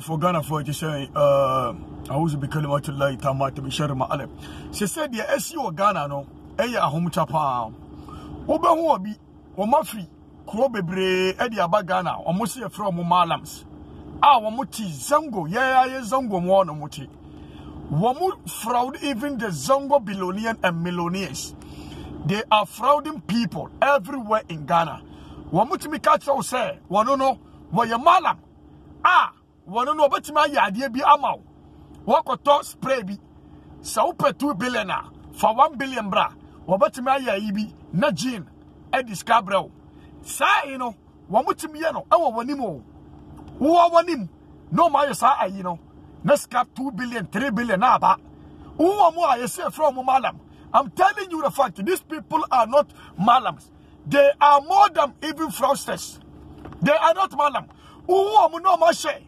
for Ghana for it, she say, uh, I was becoming much like Tamati Bishari Ma'alep. She said, the SEO of Ghana, no, Eya Ahomcha Pam. Oba Huabi, Omafi, Kuobebre, Eddie Abba Ghana, Omosi from Malams. Ah, Wamuti, Zango, yeah, yeah, Zango, one Omuti. Wamu fraud even the Zango billionaires and Melonians. They are frauding people everywhere in Ghana. Wamuti Mikacho say, Wanono, Wayamalam. Ah, wɔn no wɔbɛtumi ayɛ adeɛ bi ama wo wɔkɔtɔ spray bi sɛ wopɛ two billion a fa one billion bra wɔbɛtumi ayɛ ayi bi na gin ɛdi sika brɛ wo saa yi no wɔn tumi yɛ no ɛwɔ wɔn nim o wowɔ wɔn nim na wɔn ayɛ saa ayi no na sika two billion three billion na aba wowɔ mu a yɛsi efra wɔn malam i'm telling you the fact these people are not malams they are more than even fraudsters they are not malam wowɔ mu na wɔn ahyɛ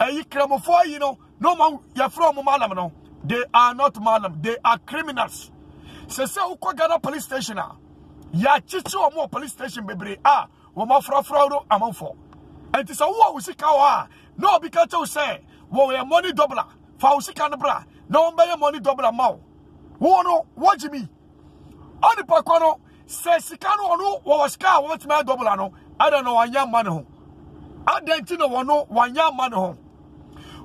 ɛyi kramofoɔ yi no na ɔmo yɛfrɛ ɔmo malam no they are not malam they are criminals sɛ sɛ wokɔ ghana police station a yɛakyekye ɔmo wɔ police station bebree a wɔn afrafra no amanfoɔ ɛnti sɛ wowɔ wo sika hɔ a na obi ka kyɛw sɛ wɔyɛ money dobla fa wo sika no bra na wɔmbɛyɛ money dobla ma wo wo no wɔgye mi ɔnipa kɔ no sɛ sika no ɔno wɔwɔ sika a wɔbɛtumi adɔbla no ɛdɛ na wɔanyɛ ma ne ho adan ti na wɔn wɔnyɛ ama ne ho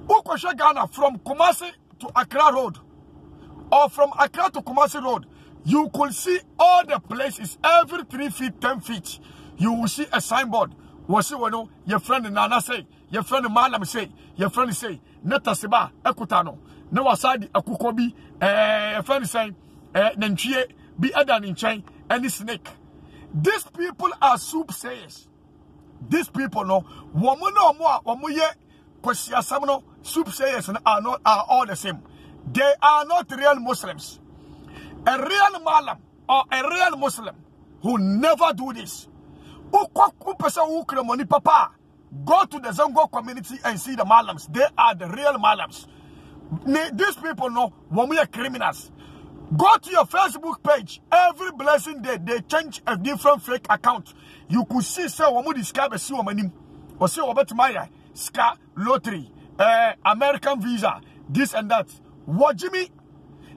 wokɔhwɛ ghana from kumasi to accra road or from accra to kumasi road you could see all the places every three feet ten feet you will see a signboard wɔsi wɔn no your friend nana say your friend malam say your friend say ne tasiba ekuta no ne wasa de akokɔ bi ɛɛ eh, your friend say ɛɛ eh, nantwie bi ɛda ne nkyɛn ɛne snake these people are soup soothsayers. these people no wɔn na wɔn a wɔn yɛ kwasiasɛm no soup sayers are not are all the same they are not real muslims a real malam or a real muslim who never do this wokɔ wopɛ sɛ wokura mo nipa pa go to the zango community and see the malams they are the real malams these people no wɔn criminals. Go to your Facebook page. Every blessing day, they change a different fake account. You could see, sir, say, Wamu describe a see my woman. Or say, Robert Maya, Ska, Lottery, uh, American Visa, this and that. What Jimmy?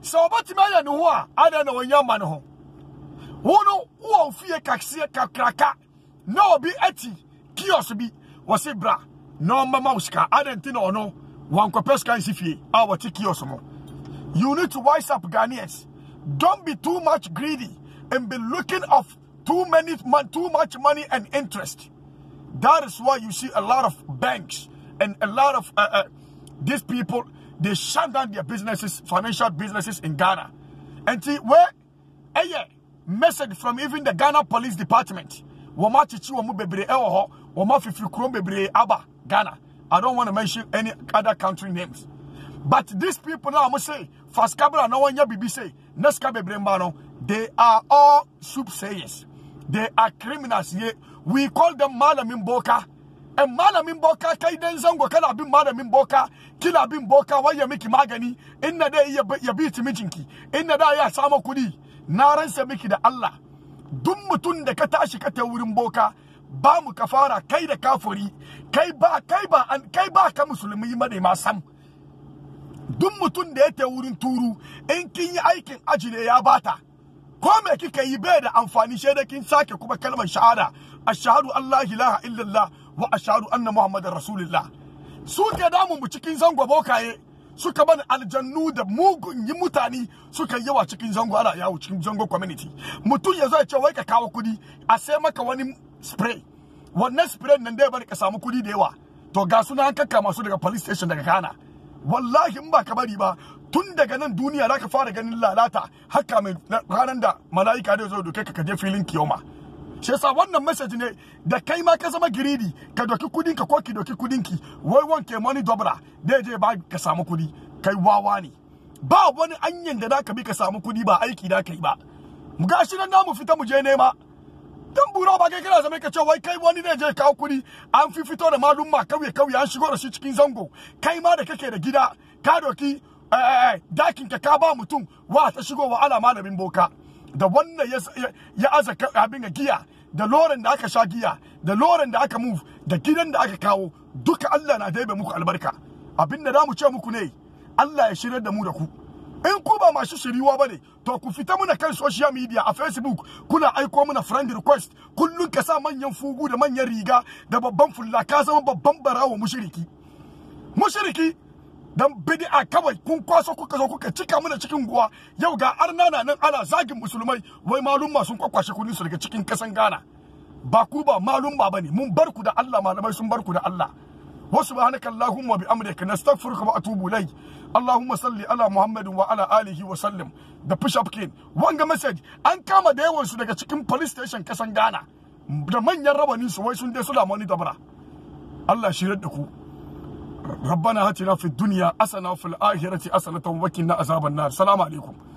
So, about Robert Maya, uh, no, uh, I don't know when you're man home. Wono, who are fear kaxia kakraka? No, be eti, kiosk be, was it bra. No, mama, Ska, I don't know, oh, no. One copesca is if ye, I will take kiosk You need to wise up, Ghanaians. Don't be too much greedy and be looking of too many too much money and interest. That is why you see a lot of banks and a lot of uh, uh, these people, they shut down their businesses, financial businesses in Ghana. And see, where eh, a message from even the Ghana Police Department. ewo eh, ho, Ghana. I don't want to mention any other country names. But these people now, I must say, faskabra na wanya yabi say neska bebre mba they are all soothsayers they are criminals ye we call them malamin boka and malamin boka kai dan zango kana bin malamin boka kila bin boka you miki magani in day you ya bi mijinki in da ya samu kudi na ransa miki da Allah duk mutum da ka tashi ka ta wurin boka ba mu kafara kai da kafuri kai ba kai ba kai ba ka musulmi madai ma sam duk mutum da yake wurin turu in kin yi aikin aji ne ya bata ko me kika yi bai da amfani sai da kin sake kuma kalmar shahada ashhadu an la ilaha illallah wa ashhadu anna muhammadar rasulullah su ke damu mu cikin zango bokaye suka bani aljannu da mugun yi mutane suka yi yawa cikin zango ana yawo cikin zango community mutum ya zai ce wai ka kawo kudi a sai maka wani spray wannan spray nan dai bari ka samu kudi da yawa to ga suna an kakka masu daga police station daga kana wallahi in ba ka bari ba tun daga nan duniya za ka fara ganin lalata haka mai ranar da mala'ika da zo doke ka kaje filin kiyoma shi yasa wannan message ne da kai ma ka zama giridi ka doki kudin ka ko ki doki kudin ki wai wanke money dobra da je ba ka samu kudi kai wawa ne ba wani anyan da ka bi ka samu kudi ba aiki da kai ba mu gashi nan mu fita mu je nema dan bura ba kai kana zama ka ce wai kai wani ne je kawo kuɗi an fi fito da malumma kauye kauye an shigo da shi cikin zango kai ma da kake da gida ka doki eh, eh, eh, dakin ka ka ba mutum wa ta shigo wa ala malamin boka da wannan ya aza abin giya da loren da aka sha giya da loren da aka move da gidan da aka kawo duka Allah na daibe muku albarka abin da za mu ce muku ne Allah ya shirar da mu da ku in ku ba masu shiriwa ne to ku fita muna kan social media a facebook kuna aiko muna friend request kullum ka sa manyan fugu da manyan riga da babban fulla ka zama babban barawo mushiriki mushiriki dan bid'a kawai kun kwaso kuka zo kuka cika mana cikin guwa yau ga arnana nan ana zagin musulmai wai malum sun kwakwashe kudin su daga cikin kasan gana ba ku ba ba bane mun barku da Allah malamai sun barku da Allah وسبحانك اللهم وبأمرك نستغفرك وأتوب إليك اللهم صل على محمد وعلى آله وسلم da push up king wanga message an kama da yawan su daga cikin police station kasan Ghana da manyan rabanin su wai sun dai su lamani dabara bara Allah shirar da ku ربنا هاتنا في الدنيا حسنه وفي الاخره حسنه وقنا عذاب النار السلام عليكم